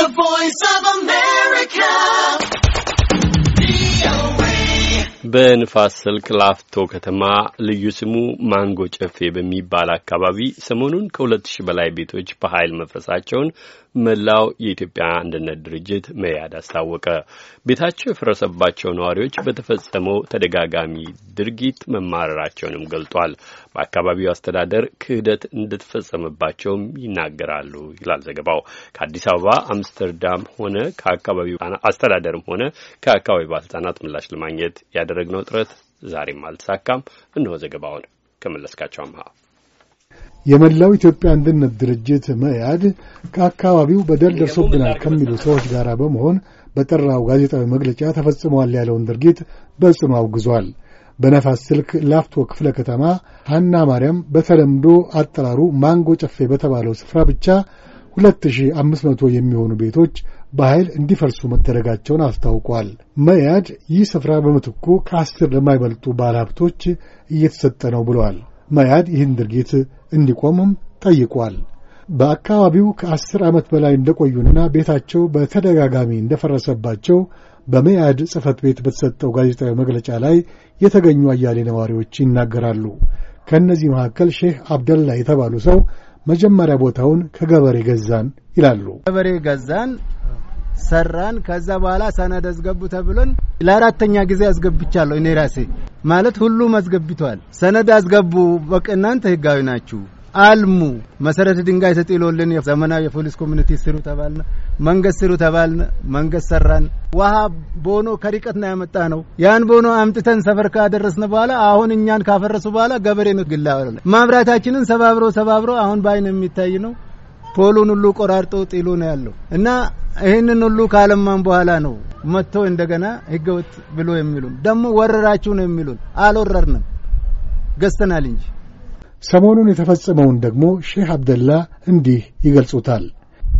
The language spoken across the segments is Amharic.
The Voice of America. በንፋስ ስልክ ላፍቶ ከተማ ልዩ ስሙ ማንጎ ጨፌ በሚባል አካባቢ ሰሞኑን ከሁለት ሺህ በላይ ቤቶች በኃይል መፍረሳቸውን መላው የኢትዮጵያ አንድነት ድርጅት መያድ አስታወቀ። ቤታቸው የፈረሰባቸው ነዋሪዎች በተፈጸመው ተደጋጋሚ ድርጊት መማረራቸውንም ገልጧል። በአካባቢው አስተዳደር ክህደት እንደተፈጸመባቸውም ይናገራሉ ይላል ዘገባው። ከአዲስ አበባ አምስተርዳም ሆነ ከአካባቢው አስተዳደርም ሆነ ከአካባቢው ባለስልጣናት ምላሽ ለማግኘት ያደረግነው ጥረት ዛሬም አልተሳካም። እነሆ ዘገባውን ከመለስካቸው አምሃ የመላው ኢትዮጵያ አንድነት ድርጅት መኢአድ ከአካባቢው በደል ደርሶብናል ከሚሉ ሰዎች ጋር በመሆን በጠራው ጋዜጣዊ መግለጫ ተፈጽመዋል ያለውን ድርጊት በጽኑ አውግዟል። በነፋስ ስልክ ላፍቶ ክፍለ ከተማ ሐና ማርያም በተለምዶ አጠራሩ ማንጎ ጨፌ በተባለው ስፍራ ብቻ 2500 የሚሆኑ ቤቶች በኃይል እንዲፈርሱ መደረጋቸውን አስታውቋል። መያድ ይህ ስፍራ በምትኩ ከአስር ለማይበልጡ ባለሀብቶች እየተሰጠ ነው ብለዋል። መያድ ይህን ድርጊት እንዲቆምም ጠይቋል። በአካባቢው ከአስር ዓመት በላይ እንደቆዩና ቤታቸው በተደጋጋሚ እንደፈረሰባቸው በመያድ ጽህፈት ቤት በተሰጠው ጋዜጣዊ መግለጫ ላይ የተገኙ አያሌ ነዋሪዎች ይናገራሉ። ከእነዚህ መካከል ሼህ አብደላ የተባሉ ሰው መጀመሪያ ቦታውን ከገበሬ ገዛን ይላሉ። ገበሬ ገዛን ሰራን። ከዛ በኋላ ሰነድ አስገቡ ተብሎን ለአራተኛ ጊዜ አስገብቻለሁ እኔ ራሴ ማለት ሁሉም አስገብቷል። ሰነድ አስገቡ፣ በቃ እናንተ ህጋዊ ናችሁ አልሙ መሰረተ ድንጋይ ተጥሎልን ዘመናዊ የፖሊስ ኮሚኒቲ ስሩ ተባልነ፣ መንገድ ስሩ ተባልነ፣ መንገድ ሰራን። ውሃ ቦኖ ከሪቀት ነው ያመጣ ነው። ያን ቦኖ አምጥተን ሰፈር ካደረስን በኋላ አሁን እኛን ካፈረሱ በኋላ ገበሬ ነው ግላ ማብራታችንን ሰባብሮ ሰባብሮ አሁን በአይን የሚታይ ነው። ፖሉን ሁሉ ቆራርጦ ጥሎ ነው ያለው እና ይህንን ሁሉ ካለማን በኋላ ነው መጥቶ እንደገና ህገወጥ ብሎ የሚሉን ደግሞ ወረራችሁ ነው የሚሉን። አልወረርንም ገዝተናል እንጂ ሰሞኑን የተፈጸመውን ደግሞ ሼህ አብደላ እንዲህ ይገልጹታል።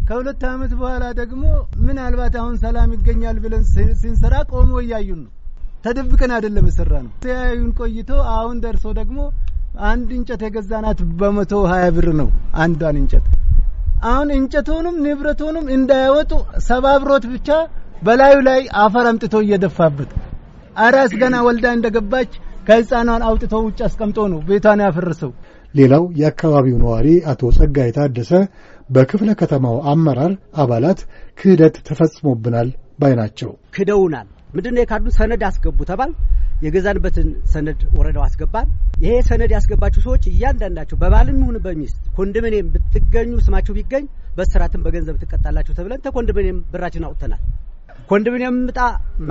ከሁለት ዓመት በኋላ ደግሞ ምናልባት አሁን ሰላም ይገኛል ብለን ስንሰራ ቆሞ እያዩን ነው። ተደብቀን አይደለም ስራ ነው። ተያዩን ቆይቶ አሁን ደርሶ ደግሞ አንድ እንጨት የገዛናት በመቶ ሀያ ብር ነው አንዷን እንጨት አሁን እንጨቱንም ንብረቱንም እንዳያወጡ ሰባብሮት ብቻ በላዩ ላይ አፈር አምጥቶ እየደፋበት አራስ ገና ወልዳ እንደገባች ከህፃኗን አውጥቶ ውጭ አስቀምጦ ነው ቤቷን ያፈረሰው። ሌላው የአካባቢው ነዋሪ አቶ ጸጋይ ታደሰ በክፍለ ከተማው አመራር አባላት ክህደት ተፈጽሞብናል ባይ ናቸው። ክደውናል። ምንድን ነው የካዱን? ሰነድ አስገቡ ተባል። የገዛንበትን ሰነድ ወረዳው አስገባን። ይሄ ሰነድ ያስገባችሁ ሰዎች እያንዳንዳቸው በባልም ይሁን በሚስት ኮንዶሚኒየም ብትገኙ ስማችሁ ቢገኝ በስራትም በገንዘብ ትቀጣላችሁ ተብለን ተኮንዶሚኒየም ብራችን አውጥተናል። ኮንዶሚኒየም ምጣ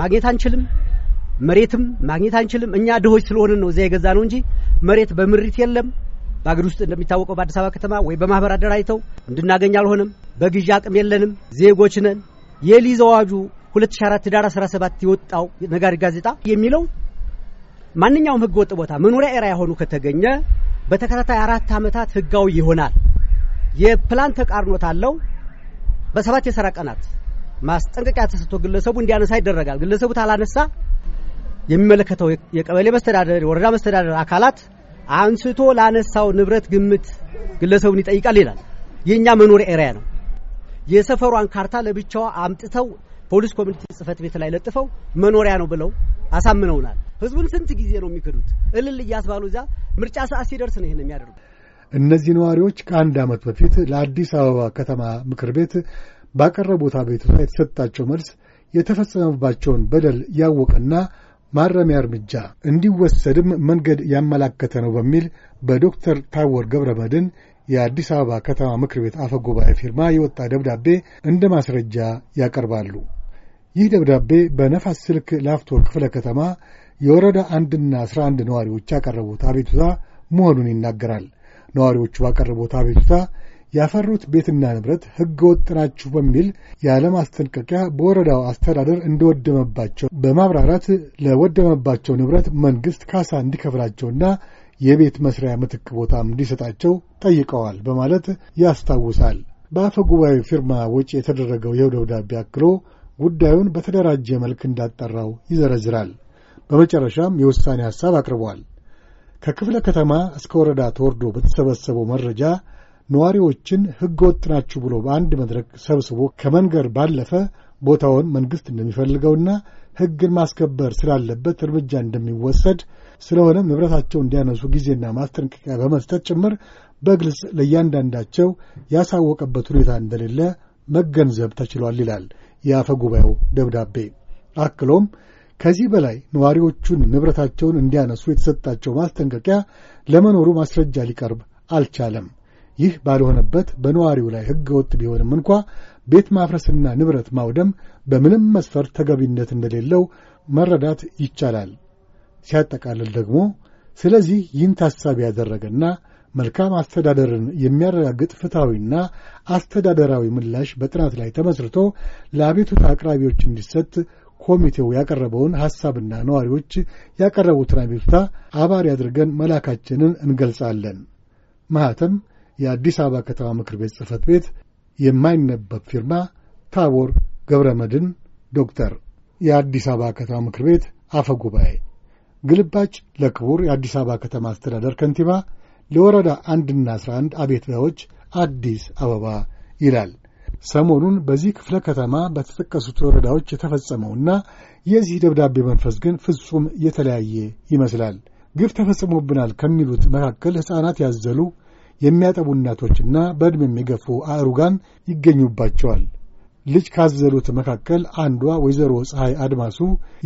ማግኘት አንችልም፣ መሬትም ማግኘት አንችልም። እኛ ድሆች ስለሆንን ነው እዚያ የገዛ ነው እንጂ መሬት በምሪት የለም በአገር ውስጥ እንደሚታወቀው በአዲስ አበባ ከተማ ወይ በማህበር አደራጅተው እንድናገኝ አልሆነም። በግዢ አቅም የለንም፣ ዜጎች ነን። የሊዝ አዋጁ 2004 ህዳር 17 የወጣው ነጋሪት ጋዜጣ የሚለው ማንኛውም ህገ ወጥ ቦታ መኖሪያ ኤሪያ የሆኑ ከተገኘ በተከታታይ አራት ዓመታት ህጋዊ ይሆናል። የፕላን ተቃርኖት አለው። በሰባት የሰራ ቀናት ማስጠንቀቂያ ተሰጥቶ ግለሰቡ እንዲያነሳ ይደረጋል። ግለሰቡ ታላነሳ የሚመለከተው የቀበሌ መስተዳደር፣ የወረዳ መስተዳደር አካላት አንስቶ ላነሳው ንብረት ግምት ግለሰቡን ይጠይቃል ይላል። የእኛ መኖሪያ ኤሪያ ነው። የሰፈሯን ካርታ ለብቻዋ አምጥተው ፖሊስ ኮሚኒቲ ጽህፈት ቤት ላይ ለጥፈው መኖሪያ ነው ብለው አሳምነውናል። ህዝቡን ስንት ጊዜ ነው የሚክዱት? እልል እያስባሉ እዛ ምርጫ ሰዓት ሲደርስ ነው ይህን የሚያደርጉ። እነዚህ ነዋሪዎች ከአንድ ዓመት በፊት ለአዲስ አበባ ከተማ ምክር ቤት ባቀረቡት አቤቱታ የተሰጣቸው መልስ የተፈጸመባቸውን በደል ያወቀና ማረሚያ እርምጃ እንዲወሰድም መንገድ ያመላከተ ነው በሚል በዶክተር ታወር ገብረ መድን የአዲስ አበባ ከተማ ምክር ቤት አፈ ጉባኤ ፊርማ የወጣ ደብዳቤ እንደ ማስረጃ ያቀርባሉ። ይህ ደብዳቤ በነፋስ ስልክ ላፍቶ ክፍለ ከተማ የወረዳ አንድና አስራ አንድ ነዋሪዎች ያቀረቡት አቤቱታ መሆኑን ይናገራል። ነዋሪዎቹ ባቀረቡት አቤቱታ ያፈሩት ቤትና ንብረት ሕገ ወጥ ናችሁ በሚል ያለ ማስጠንቀቂያ በወረዳው አስተዳደር እንደወደመባቸው በማብራራት ለወደመባቸው ንብረት መንግሥት ካሳ እንዲከፍላቸውና የቤት መስሪያ ምትክ ቦታም እንዲሰጣቸው ጠይቀዋል በማለት ያስታውሳል። በአፈ ጉባኤ ፊርማ ወጪ የተደረገው ይኸው ደብዳቤ አክሎ ጉዳዩን በተደራጀ መልክ እንዳጠራው ይዘረዝራል። በመጨረሻም የውሳኔ ሐሳብ አቅርቧል። ከክፍለ ከተማ እስከ ወረዳ ተወርዶ በተሰበሰበው መረጃ ነዋሪዎችን ሕገ ወጥ ናችሁ ብሎ በአንድ መድረክ ሰብስቦ ከመንገር ባለፈ ቦታውን መንግሥት እንደሚፈልገውና ሕግን ማስከበር ስላለበት እርምጃ እንደሚወሰድ ስለሆነም ንብረታቸውን እንዲያነሱ ጊዜና ማስጠንቀቂያ በመስጠት ጭምር በግልጽ ለእያንዳንዳቸው ያሳወቀበት ሁኔታ እንደሌለ መገንዘብ ተችሏል ይላል የአፈ ጉባኤው ደብዳቤ። አክሎም ከዚህ በላይ ነዋሪዎቹን ንብረታቸውን እንዲያነሱ የተሰጣቸው ማስጠንቀቂያ ለመኖሩ ማስረጃ ሊቀርብ አልቻለም። ይህ ባልሆነበት በነዋሪው ላይ ወጥ ቢሆንም እንኳ ቤት ማፍረስና ንብረት ማውደም በምንም መስፈርት ተገቢነት እንደሌለው መረዳት ይቻላል። ሲያጠቃልል ደግሞ ስለዚህ ይህን ታሳቢ ያደረገና መልካም አስተዳደርን የሚያረጋግጥ ፍትሐዊና አስተዳደራዊ ምላሽ በጥናት ላይ ተመስርቶ ለአቤቱታ አቅራቢዎች እንዲሰጥ ኮሚቴው ያቀረበውን ሐሳብና ነዋሪዎች ያቀረቡትን አቤቱታ አባሪ አድርገን መላካችንን እንገልጻለን። ማኅተም የአዲስ አበባ ከተማ ምክር ቤት ጽህፈት ቤት የማይነበብ ፊርማ ታቦር ገብረ መድን ዶክተር የአዲስ አበባ ከተማ ምክር ቤት አፈ ጉባኤ ግልባጭ ለክቡር የአዲስ አበባ ከተማ አስተዳደር ከንቲባ ለወረዳ አንድና አስራ አንድ አቤቱታዎች አዲስ አበባ ይላል። ሰሞኑን በዚህ ክፍለ ከተማ በተጠቀሱት ወረዳዎች የተፈጸመውና የዚህ ደብዳቤ መንፈስ ግን ፍጹም የተለያየ ይመስላል። ግፍ ተፈጽሞብናል ከሚሉት መካከል ሕፃናት ያዘሉ የሚያጠቡ እናቶችና በዕድሜ የሚገፉ አእሩጋን ይገኙባቸዋል። ልጅ ካዘሉት መካከል አንዷ ወይዘሮ ፀሐይ አድማሱ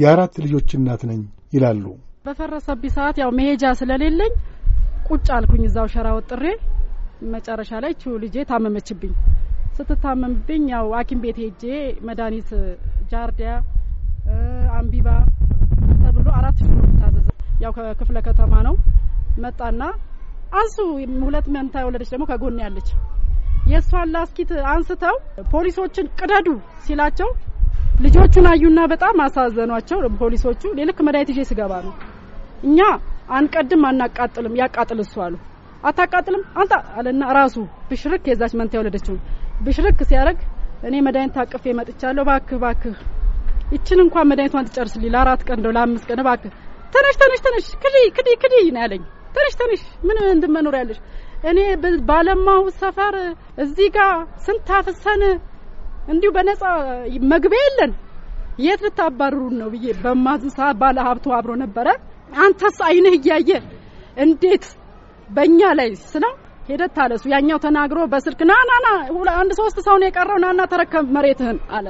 የአራት ልጆች እናት ነኝ ይላሉ። በፈረሰብኝ ሰዓት ያው መሄጃ ስለሌለኝ ቁጭ አልኩኝ እዛው ሸራ ወጥሬ። መጨረሻ ላይ ቹ ልጄ ታመመችብኝ። ስትታመምብኝ ያው ሐኪም ቤት ሄጄ መድኃኒት ጃርዲያ፣ አምቢባ ተብሎ አራት ሽሮ ታዘዘ። ያው ከክፍለ ከተማ ነው መጣና አንሱ ሁለት መንታ የወለደች ደግሞ ከጎን ያለች የእሷን ላስኪት አንስተው ፖሊሶችን ቅደዱ ሲላቸው ልጆቹን አዩና በጣም አሳዘኗቸው። ፖሊሶቹ ልክ መድኃኒት ይዤ ስገባ ነው እኛ አንቀድም አናቃጥልም፣ ያቃጥል እሱ አሉ። አታቃጥልም አንተ አለና ራሱ ብሽርክ የዛች መንታ የወለደችው ብሽርክ ሲያደርግ እኔ መድኃኒት ታቅፌ መጥቻለሁ፣ እባክህ እባክህ ይችን እንኳን መድኃኒቷን ትጨርስልኝ ለአራት ቀን እንደው ለአምስት ቀን እባክህ፣ ተነሽ ተነሽ ተነሽ ክዲ ክዲ ክዲ ነው ያለኝ። ትንሽ ትንሽ ምን እንድመኖር ያለሽ እኔ ባለማው ሰፈር እዚህ ጋር ስንት አፍሰን እንዲሁ በነጻ መግቢያ የለን የት ልታባርሩን ነው ብዬ በማዝ ሰዓት ባለ ሀብቱ አብሮ ነበረ። አንተስ አይንህ እያየ እንዴት በእኛ ላይ ስለው ሄደት ታለሱ ያኛው ተናግሮ በስልክ ና ና ና አንድ ሶስት ሰው ነው የቀረው ና ና ተረከብ መሬትህን አለ።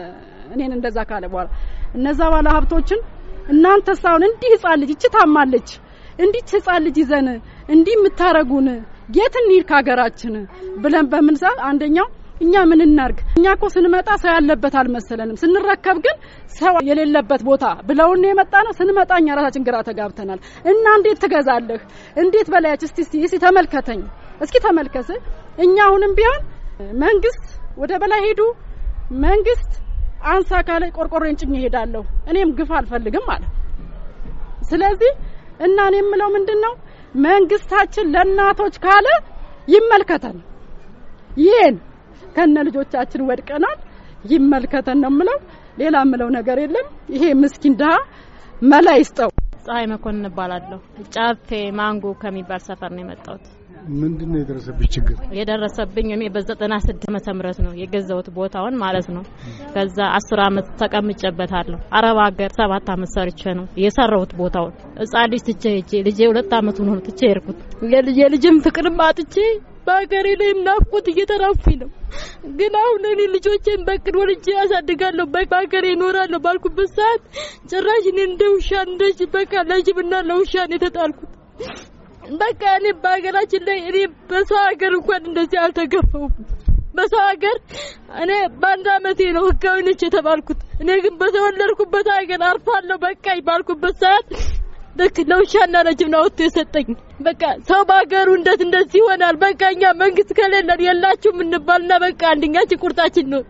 እኔን እንደዛ ካለ በኋላ እነዛ ባለ ሀብቶችን እናንተስ አሁን እንዲህ ህጻን ልጅ እቺ ታማለች እንዲች ህጻን ልጅ ይዘን እንዲህ የምታረጉን የት እንሂድ ከሀገራችን ብለን በምን ሰዓት አንደኛው እኛ ምን እናርግ? እኛ እኮ ስንመጣ ሰው ያለበት አልመሰለንም። ስንረከብ ግን ሰው የሌለበት ቦታ ብለውን ነው የመጣ ነው። ስንመጣ እኛ ራሳችን ግራ ተጋብተናል። እና እንዴት ትገዛለህ? እንዴት በላያች እስቲ እስቲ እስቲ ተመልከተኝ፣ እስኪ ተመልከስ። እኛ አሁንም ቢሆን መንግስት ወደ በላይ ሄዱ፣ መንግስት አንሳ ካለ ቆርቆሮን ጭኝ እሄዳለሁ። እኔም ግፍ አልፈልግም ማለት ስለዚህ እና እኔ የምለው ምንድን ነው መንግስታችን ለእናቶች ካለ ይመልከተን። ይሄን ከነ ልጆቻችን ወድቀናል፣ ይመልከተን ነው የምለው። ሌላ የምለው ነገር የለም። ይሄ ምስኪን ድሀ መላ ይስጠው። ፀሐይ መኮንን እባላለሁ። ጫፌ ማንጎ ከሚባል ሰፈር ነው የመጣሁት። ምንድን ነው የደረሰብሽ ችግር? የደረሰብኝ እኔ በዘጠና ስድስት ዓመተ ምህረት ነው የገዛሁት ቦታውን ማለት ነው። ከዛ አስር አመት ተቀምጬበታለሁ። አረብ ሀገር ሰባት አመት ሰርቼ ነው የሰራሁት ቦታውን። ህጻን ልጅ ትቼ ሄጄ ልጄ ሁለት አመት ሆኖ ትቼ ሄድኩት። የልጅም ፍቅርም አጥቼ በሀገሬ ላይ ናፍቆት እየተራፉኝ ነው። ግን አሁን እኔ ልጆቼን በቅድ ወልጄ ያሳድጋለሁ፣ በሀገሬ እኖራለሁ ባልኩበት ሰዓት ጭራሽ እኔ እንደ ውሻ እንደጅ በቃ ለጅብና ለውሻ ነው የተጣልኩት። በቃ እኔ በሀገራችን ላይ እኔ በሰው ሀገር እንኳን እንደዚህ አልተገፈውም። በሰው ሀገር እኔ በአንድ አመቴ ነው ህጋዊ ነች የተባልኩት። እኔ ግን በተወለድኩበት ሀገር አርፋለሁ በቃ ባልኩበት ሰዓት ልክ ለውሻና ለጅብ ነው አውጥቶ የሰጠኝ። በቃ ሰው በሀገሩ እንደት እንደዚህ ይሆናል። በቃ እኛ መንግስት ከሌለን የላችሁም እንባልና በቃ አንድኛችን ቁርጣችን ነው።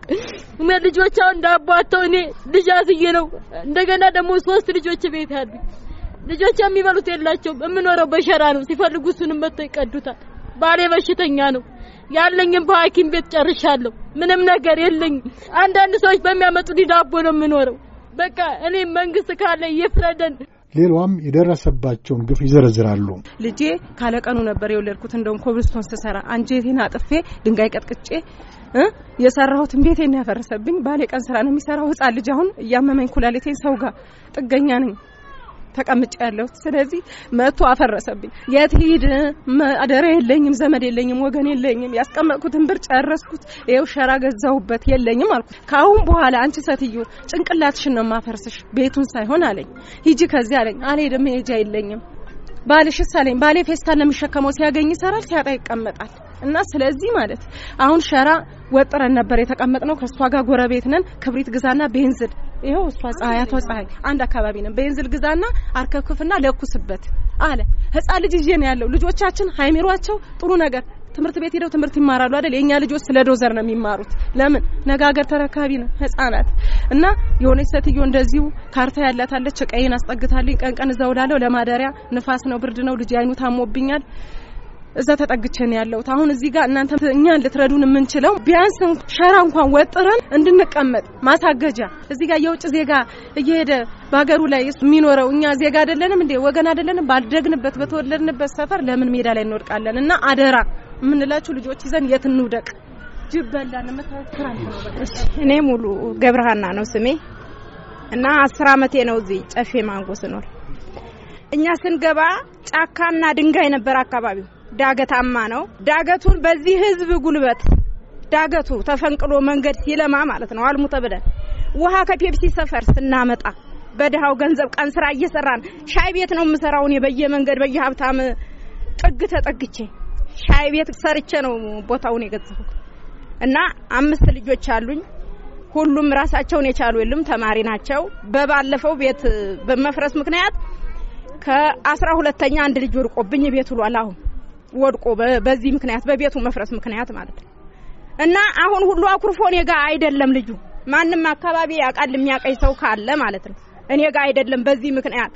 እኔ ልጆች አሁን ዳቦ እኔ ልጅ አስዬ ነው እንደገና ደግሞ ሶስት ልጆች ቤት አሉ። ልጆች የሚበሉት የላቸውም። የምኖረው በሸራ ነው። ሲፈልጉ እሱንም መጥተው ይቀዱታል። ባሌ በሽተኛ ነው። ያለኝም በሐኪም ቤት ጨርሻለሁ። ምንም ነገር የለኝም። አንዳንድ ሰዎች በሚያመጡ ዳቦ ነው የምኖረው። በቃ እኔ መንግስት ካለ ይፍረደን። ሌሏም የደረሰባቸውን ግፍ ይዘረዝራሉ። ልጄ ካለቀኑ ነበር የወለድኩት። እንደውም ኮብልስቶን ስሰራ አንጀቴን አጥፌ ድንጋይ ቀጥቅጬ የሰራሁትን ቤቴን ያፈረሰብኝ። ባሌ ቀን ስራ ነው የሚሰራው። ህጻን ልጅ አሁን እያመመኝ ኩላሊቴን ሰው ጋር ጥገኛ ነኝ። ተቀምጭ ያለሁት። ስለዚህ መቶ አፈረሰብኝ። የት ሂድ አደራ የለኝም፣ ዘመድ የለኝም፣ ወገን የለኝም። ያስቀመጥኩትን ብር ጨረስኩት። ይኸው ሸራ ገዛሁበት፣ የለኝም አልኩት። ከአሁን በኋላ አንቺ ሴትዮ ጭንቅላትሽን ነው ማፈርስሽ፣ ቤቱን ሳይሆን አለኝ። ሂጂ ከዚህ አለኝ። አልሄድም፣ ሄጃ የለኝም። ባልሽስ አለኝ። ባሌ ፌስታን ነው የሚሸከመው፣ ሲያገኝ ይሰራል፣ ሲያጣ ይቀመጣል። እና ስለዚህ ማለት አሁን ሸራ ወጥረን ነበር የተቀመጥነው። ከእሷ ጋር ጎረቤት ነን። ክብሪት ግዛና ቤንዝድ ይኸው እሷ ፀሐይ አቶ ፀሐይ አንድ አካባቢ ነው በየንዝል ግዛና አርከኩፍና ለኩስበት አለ። ህፃን ልጅ ይዤ ነው ያለው። ልጆቻችን ሀይሚሯቸው ጥሩ ነገር ትምህርት ቤት ሄደው ትምህርት ይማራሉ አይደል? የኛ ልጆች ስለ ዶዘር ነው የሚማሩት። ለምን ነገ ሀገር ተረካቢ ነው ህፃናት እና የሆነች ሴትዮ እንደዚሁ ካርታ ያላታለች። ቀይን አስጠግታለኝ፣ ቀንቀን ቀን እዛውላለሁ ለማደሪያ ንፋስ ነው ብርድ ነው ልጅ አይኑ ታሞብኛል እዛ ተጠግቼ ነው ያለሁት። አሁን እዚህ ጋር እናንተ እኛን ልትረዱን የምንችለው ቢያንስ ሸራ እንኳን ወጥረን እንድንቀመጥ ማሳገጃ። እዚህ ጋር የውጭ ዜጋ እየሄደ በሀገሩ ላይ የሚኖረው እኛ ዜጋ አይደለንም እንዴ? ወገን አይደለንም? ባደግንበት በተወለድንበት ሰፈር ለምን ሜዳ ላይ እንወድቃለን? እና አደራ የምንላችሁ ልጆች ይዘን የት እንውደቅ? እኔ ሙሉ ገብርሃና ነው ስሜ እና አስር አመቴ ነው እዚህ ጨፌ ማንጎ ስኖር። እኛ ስንገባ ጫካና ድንጋይ ነበር አካባቢው። ዳገታማ ነው። ዳገቱን በዚህ ህዝብ ጉልበት ዳገቱ ተፈንቅሎ መንገድ ሲለማ ማለት ነው። አልሙ ብለን ውሃ ከፔፕሲ ሰፈር ስናመጣ በድሃው ገንዘብ ቀን ስራ እየሰራን ሻይ ቤት ነው የምሰራው እኔ በየመንገድ በየሀብታም ጥግ ተጠግቼ ሻይ ቤት ሰርቼ ነው ቦታውን የገዛሁት እና አምስት ልጆች አሉኝ። ሁሉም ራሳቸውን የቻሉ የሉም፣ ተማሪ ናቸው። በባለፈው ቤት በመፍረስ ምክንያት ከአስራ ሁለተኛ አንድ ልጅ ወርቆብኝ ቤት ውሏል አሁን ወድቆ በዚህ ምክንያት በቤቱ መፍረስ ምክንያት ማለት ነው። እና አሁን ሁሉ አኩርፎ እኔ ጋ አይደለም ልጁ ማንም አካባቢ ያውቃል የሚያቀኝ ሰው ካለ ማለት ነው። እኔ ጋ አይደለም በዚህ ምክንያት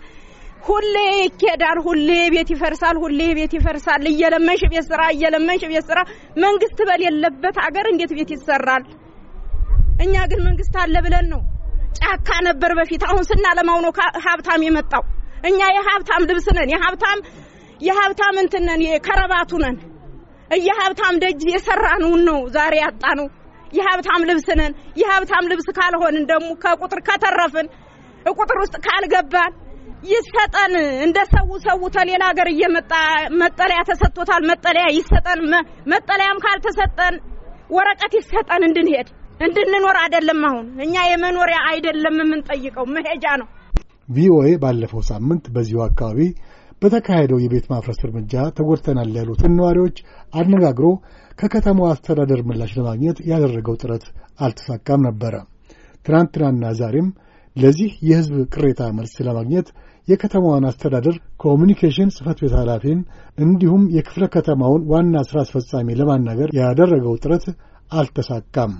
ሁሌ ይኬዳል፣ ሁሌ ቤት ይፈርሳል፣ ሁሌ ቤት ይፈርሳል። እየለመንሽ ቤት ስራ፣ እየለመንሽ ቤት ስራ። መንግስት በሌለበት አገር እንዴት ቤት ይሰራል? እኛ ግን መንግስት አለ ብለን ነው። ጫካ ነበር በፊት፣ አሁን ስናለማው ነው ሀብታም የመጣው። እኛ የሀብታም ልብስ ነን፣ የሀብታም የሀብታም እንትን ነን የከረባቱ ነን የሀብታም ደጅ የሰራነውን ነው ዛሬ ያጣነው። የሀብታም ልብስ ነን። የሀብታም ልብስ ካልሆንን ደግሞ ከቁጥር ከተረፍን ቁጥር ውስጥ ካልገባን ይሰጠን። እንደ ሰው ሰው ተሌላ ሀገር እየመጣ መጠለያ ተሰጥቶታል። መጠለያ ይሰጠን። መጠለያም ካልተሰጠን ወረቀት ይሰጠን እንድንሄድ እንድንኖር አይደለም። አሁን እኛ የመኖሪያ አይደለም የምንጠይቀው መሄጃ ነው። ቪኦኤ ባለፈው ሳምንት በዚሁ አካባቢ በተካሄደው የቤት ማፍረስ እርምጃ ተጎድተናል ያሉትን ነዋሪዎች አነጋግሮ ከከተማዋ አስተዳደር ምላሽ ለማግኘት ያደረገው ጥረት አልተሳካም ነበረ። ትናንትናና ዛሬም ለዚህ የሕዝብ ቅሬታ መልስ ለማግኘት የከተማዋን አስተዳደር ኮሚኒኬሽን ጽሕፈት ቤት ኃላፊን እንዲሁም የክፍለ ከተማውን ዋና ሥራ አስፈጻሚ ለማናገር ያደረገው ጥረት አልተሳካም።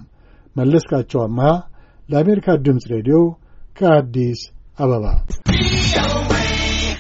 መለስካቸው አመሃ ለአሜሪካ ድምፅ ሬዲዮ ከአዲስ አበባ